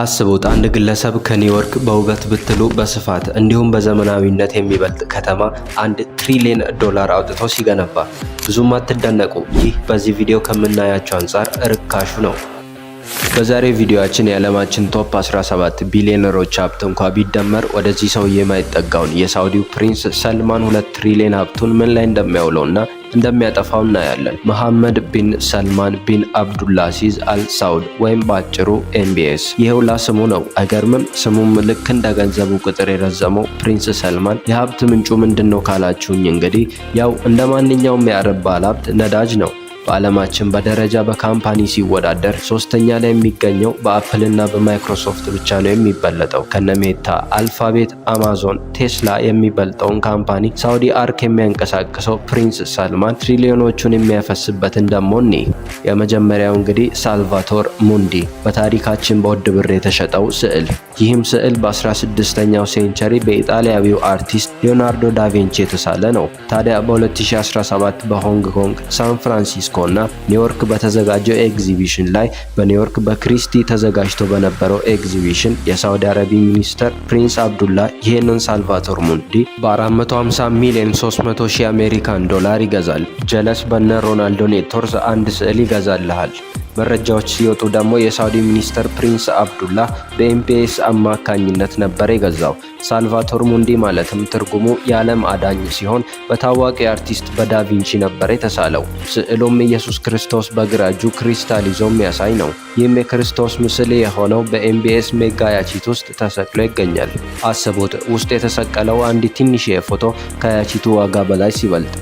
አስቡት አንድ ግለሰብ ከኒውዮርክ በውበት ብትሉ በስፋት እንዲሁም በዘመናዊነት የሚበልጥ ከተማ አንድ ትሪሊየን ዶላር አውጥቶ ሲገነባ ብዙም አትደነቁ። ይህ በዚህ ቪዲዮ ከምናያቸው አንጻር ርካሹ ነው። በዛሬ ቪዲዮአችን የዓለማችን ቶፕ 17 ቢሊዮነሮች ሀብት እንኳ ቢደመር ወደዚህ ሰውዬ የማይጠጋውን የሳውዲው ፕሪንስ ሰልማን ሁለት ትሪሊዮን ሀብቱን ምን ላይ እንደሚያውለውና እንደሚያጠፋው እናያለን። መሐመድ ቢን ሰልማን ቢን አብዱልአዚዝ አል ሳውድ ወይም በአጭሩ ኤምቢኤስ ይሄውላ ስሙ ነው። አይገርምም? ስሙም ልክ እንደ ገንዘቡ ቁጥር የረዘመው ፕሪንስ ሰልማን የሀብት ምንጩ ምንድን ነው ካላችሁኝ፣ እንግዲህ ያው እንደ ማንኛውም የአረብ ባለሀብት ነዳጅ ነው። በዓለማችን በደረጃ በካምፓኒ ሲወዳደር ሶስተኛ ላይ የሚገኘው በአፕልና በማይክሮሶፍት ብቻ ነው የሚበለጠው። ከነሜታ፣ አልፋቤት፣ አማዞን፣ ቴስላ የሚበልጠውን ካምፓኒ ሳውዲ አርክ የሚያንቀሳቅሰው ፕሪንስ ሳልማን ትሪሊዮኖቹን የሚያፈስበትን ደሞ እኒ የመጀመሪያው እንግዲህ ሳልቫቶር ሙንዲ በታሪካችን በውድ ብር የተሸጠው ስዕል። ይህም ስዕል በ16ኛው ሴንቸሪ በኢጣሊያዊው አርቲስት ሊዮናርዶ ዳቬንቺ የተሳለ ነው። ታዲያ በ2017 በሆንግ ኮንግ ሳን ፍራንሲስኮ ዩኔስኮ እና ኒውዮርክ በተዘጋጀው ኤግዚቢሽን ላይ በኒውዮርክ በክሪስቲ ተዘጋጅቶ በነበረው ኤግዚቢሽን የሳውዲ አረቢ ሚኒስተር ፕሪንስ አብዱላ ይህንን ሳልቫቶር ሙንዲ በ450 ሚሊዮን 300 ሺህ አሜሪካን ዶላር ይገዛል። ጀለስ በነ ሮናልዶ ኔቶርስ አንድ ስዕል ይገዛልሃል። መረጃዎች ሲወጡ ደግሞ የሳውዲ ሚኒስትር ፕሪንስ አብዱላ በኤምፒኤስ አማካኝነት ነበር የገዛው። ሳልቫቶር ሙንዲ ማለትም ትርጉሙ የዓለም አዳኝ ሲሆን በታዋቂ አርቲስት በዳቪንቺ ነበር የተሳለው። ስዕሉም ኢየሱስ ክርስቶስ በግራ እጁ ክሪስታል ይዞ የሚያሳይ ነው። ይህም የክርስቶስ ምስል የሆነው በኤምቢኤስ ሜጋ ውስጥ ተሰቅሎ ይገኛል። አስቡት ውስጥ የተሰቀለው አንድ ትንሽ የፎቶ ከያቺቱ ዋጋ በላይ ሲበልጥ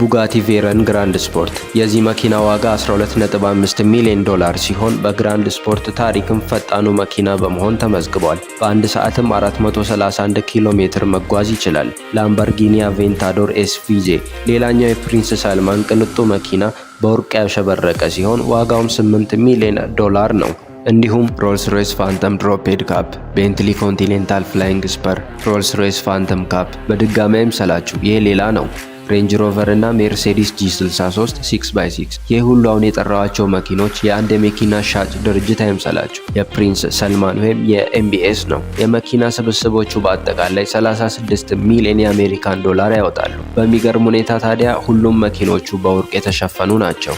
ቡጋቲ ቬረን ግራንድ ስፖርት። የዚህ መኪና ዋጋ 125 ሚሊዮን ዶላር ሲሆን በግራንድ ስፖርት ታሪክም ፈጣኑ መኪና በመሆን ተመዝግቧል። በአንድ ሰዓትም 431 ኪሎ ሜትር መጓዝ ይችላል። ላምበርጊኒ አቬንታዶር ኤስቪጄ ሌላኛው የፕሪንስ ሳልማን ቅንጡ መኪና በወርቅ ያሸበረቀ ሲሆን ዋጋውም 8 ሚሊዮን ዶላር ነው። እንዲሁም ሮልስ ሮይስ ፋንተም ድሮፔድ ካፕ፣ ቤንትሊ ኮንቲኔንታል ፍላይንግ ስፐር፣ ሮልስ ሮይስ ፋንተም ካፕ። በድጋሚ አይምሰላችሁ፣ ይሄ ሌላ ነው። ሬንጅ ሮቨር እና ሜርሴዲስ ጂ63 6x6። ይህ ሁሉ አሁን የጠራዋቸው መኪኖች የአንድ የመኪና ሻጭ ድርጅት አይምሰላቸው፣ የፕሪንስ ሰልማን ወይም የኤምቢኤስ ነው። የመኪና ስብስቦቹ በአጠቃላይ 36 ሚሊዮን የአሜሪካን ዶላር ያወጣሉ። በሚገርም ሁኔታ ታዲያ ሁሉም መኪኖቹ በወርቅ የተሸፈኑ ናቸው።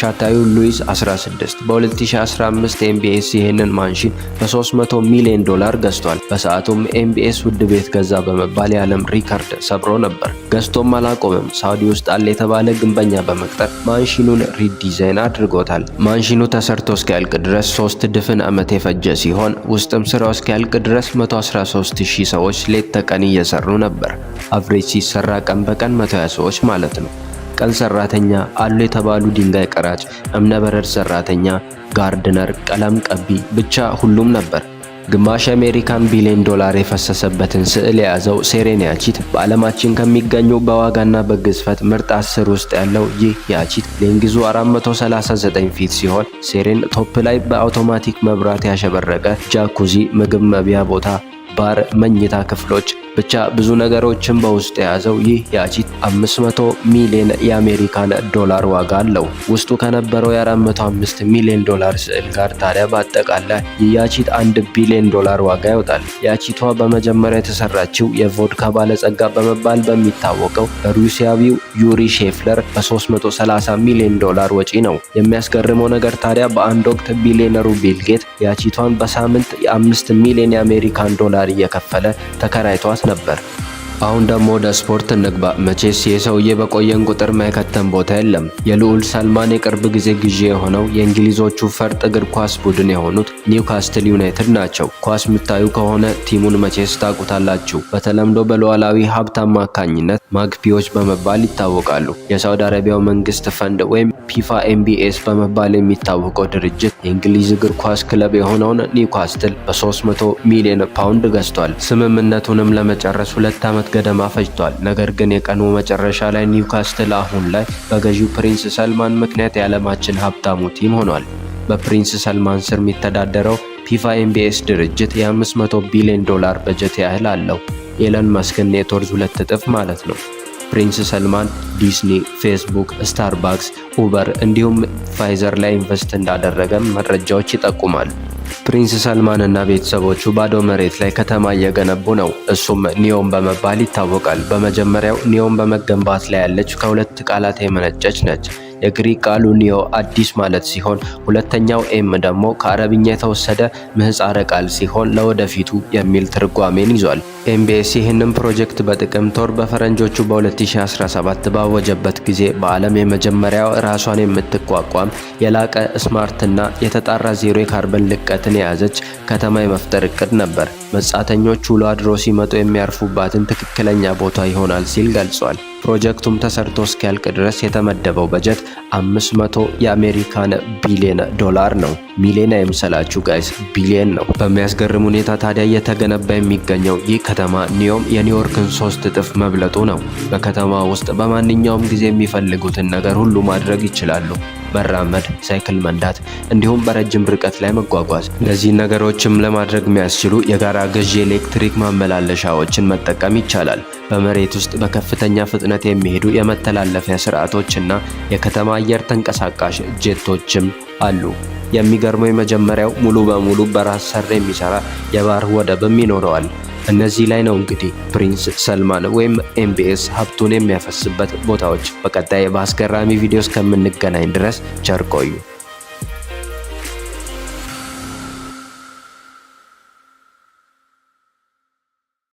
ሻታዩ ሉዊስ 16 በ2015 ኤምቢኤስ ይህንን ማንሽን በ300 ሚሊዮን ዶላር ገዝቷል። በሰዓቱም ኤምቢኤስ ውድ ቤት ገዛ በመባል የዓለም ሪከርድ ሰብሮ ነበር። ገዝቶም አላቆምም። ሳውዲ ውስጥ አለ የተባለ ግንበኛ በመቅጠር ማንሽኑን ሪዲዛይን አድርጎታል። ማንሽኑ ተሰርቶ እስኪያልቅ ድረስ ሶስት ድፍን ዓመት የፈጀ ሲሆን ውስጥም ስራው እስኪያልቅ ድረስ 113,000 ሰዎች ሌት ተቀን እየሰሩ ነበር። አብሬጅ ሲሰራ ቀን በቀን 120 ሰዎች ማለት ነው። ቀን ሰራተኛ፣ አሉ የተባሉ ድንጋይ ቀራጭ፣ እብነበረድ ሰራተኛ፣ ጋርድነር፣ ቀለም ቀቢ፣ ብቻ ሁሉም ነበር። ግማሽ አሜሪካን ቢሊዮን ዶላር የፈሰሰበትን ስዕል የያዘው ሴሬንያቺት በዓለማችን ከሚገኙ በዋጋና በግዝፈት ምርጥ አስር ውስጥ ያለው ይህ ያቺት ሌንጊዙ 439 ፊት ሲሆን ሴሬን ቶፕ ላይ በአውቶማቲክ መብራት ያሸበረቀ ጃኩዚ፣ ምግብ መብያ ቦታ ባር፣ መኝታ ክፍሎች ብቻ ብዙ ነገሮችን በውስጡ የያዘው ይህ ያቺት 500 ሚሊዮን የአሜሪካን ዶላር ዋጋ አለው። ውስጡ ከነበረው የ405 ሚሊዮን ዶላር ስዕል ጋር ታዲያ በአጠቃላይ ያቺት 1 ቢሊዮን ዶላር ዋጋ ይወጣል። ያቺቷ በመጀመሪያ የተሰራችው የቮድካ ባለጸጋ በመባል በሚታወቀው በሩሲያዊው ዩሪ ሼፍለር በ330 ሚሊዮን ዶላር ወጪ ነው። የሚያስገርመው ነገር ታዲያ በአንድ ወቅት ቢሊዮነሩ ቢል ጌት ያቺቷን በሳምንት የ5 ሚሊዮን የአሜሪካን ዶላር ዶላር እየከፈለ ተከራይቷት ነበር። አሁን ደግሞ ወደ ስፖርት እንግባ። መቼስ የሰውዬ በቆየን ቁጥር ማይከተን ቦታ የለም። የልዑል ሰልማን የቅርብ ጊዜ ግዢ የሆነው የእንግሊዞቹ ፈርጥ እግር ኳስ ቡድን የሆኑት ኒውካስትል ዩናይትድ ናቸው። ኳስ የምታዩ ከሆነ ቲሙን መቼስ ታውቁታላችሁ። በተለምዶ በሉዓላዊ ሀብት አማካኝነት ማግፒዎች በመባል ይታወቃሉ። የሳውዲ አረቢያው መንግስት ፈንድ ወይም ፊፋ ኤምቢኤስ በመባል የሚታወቀው ድርጅት የእንግሊዝ እግር ኳስ ክለብ የሆነውን ኒውካስትል በ300 ሚሊዮን ፓውንድ ገዝቷል። ስምምነቱንም ለመጨረስ ሁለት ዓመት ገደማ ፈጅቷል። ነገር ግን የቀኑ መጨረሻ ላይ ኒውካስትል አሁን ላይ በገዢው ፕሪንስ ሰልማን ምክንያት የዓለማችን ሀብታሙ ቲም ሆኗል። በፕሪንስ ሰልማን ስር የሚተዳደረው ፒፋ ኤምቢኤስ ድርጅት የ500 ቢሊዮን ዶላር በጀት ያህል አለው። ኤለን መስክን ኔትወርዝ ሁለት እጥፍ ማለት ነው። ፕሪንስ ሰልማን ዲስኒ፣ ፌስቡክ፣ ስታርባክስ፣ ኡበር እንዲሁም ፋይዘር ላይ ኢንቨስት እንዳደረገም መረጃዎች ይጠቁማል። ፕሪንስ ሰልማንና ቤተሰቦቹ ባዶ መሬት ላይ ከተማ እየገነቡ ነው። እሱም ኒዮም በመባል ይታወቃል። በመጀመሪያው ኒዮም በመገንባት ላይ ያለች ከሁለት ቃላት የመነጨች ነች። የግሪክ ቃሉ ኒዮ አዲስ ማለት ሲሆን ሁለተኛው ኤም ደግሞ ከአረብኛ የተወሰደ ምህፃረ ቃል ሲሆን ለወደፊቱ የሚል ትርጓሜን ይዟል። ኤምቢኤስ ይህንን ፕሮጀክት በጥቅምት ወር በፈረንጆቹ በ2017 ባወጀበት ጊዜ በዓለም የመጀመሪያው ራሷን የምትቋቋም የላቀ ስማርትና የተጣራ ዜሮ የካርበን ልቀትን የያዘች ከተማ የመፍጠር እቅድ ነበር። መጻተኞች ውሎ አድሮ ሲመጡ የሚያርፉባትን ትክክለኛ ቦታ ይሆናል ሲል ገልጿል። ፕሮጀክቱም ተሰርቶ እስኪያልቅ ድረስ የተመደበው በጀት 500 የአሜሪካን ቢሊየን ዶላር ነው። ሚሊየን አይምሰላችሁ ጋይስ፣ ቢሊየን ነው። በሚያስገርም ሁኔታ ታዲያ እየተገነባ የሚገኘው ይህ ከተማ ኒዮም የኒውዮርክን ሶስት እጥፍ መብለጡ ነው። በከተማ ውስጥ በማንኛውም ጊዜ የሚፈልጉትን ነገር ሁሉ ማድረግ ይችላሉ። መራመድ፣ ሳይክል መንዳት፣ እንዲሁም በረጅም ርቀት ላይ መጓጓዝ። እነዚህ ነገሮችም ለማድረግ የሚያስችሉ የጋራ ገዢ የኤሌክትሪክ ማመላለሻዎችን መጠቀም ይቻላል። በመሬት ውስጥ በከፍተኛ ፍጥነት የሚሄዱ የመተላለፊያ ስርዓቶች እና የከተማ አየር ተንቀሳቃሽ ጄቶችም አሉ። የሚገርመው የመጀመሪያው ሙሉ በሙሉ በራስ ሰር የሚሰራ የባህር ወደብም ይኖረዋል። እነዚህ ላይ ነው እንግዲህ ፕሪንስ ሰልማን ወይም ኤምቢኤስ ሀብቱን የሚያፈስበት ቦታዎች። በቀጣይ በአስገራሚ ቪዲዮ እስከምንገናኝ ድረስ ቸር ቆዩ።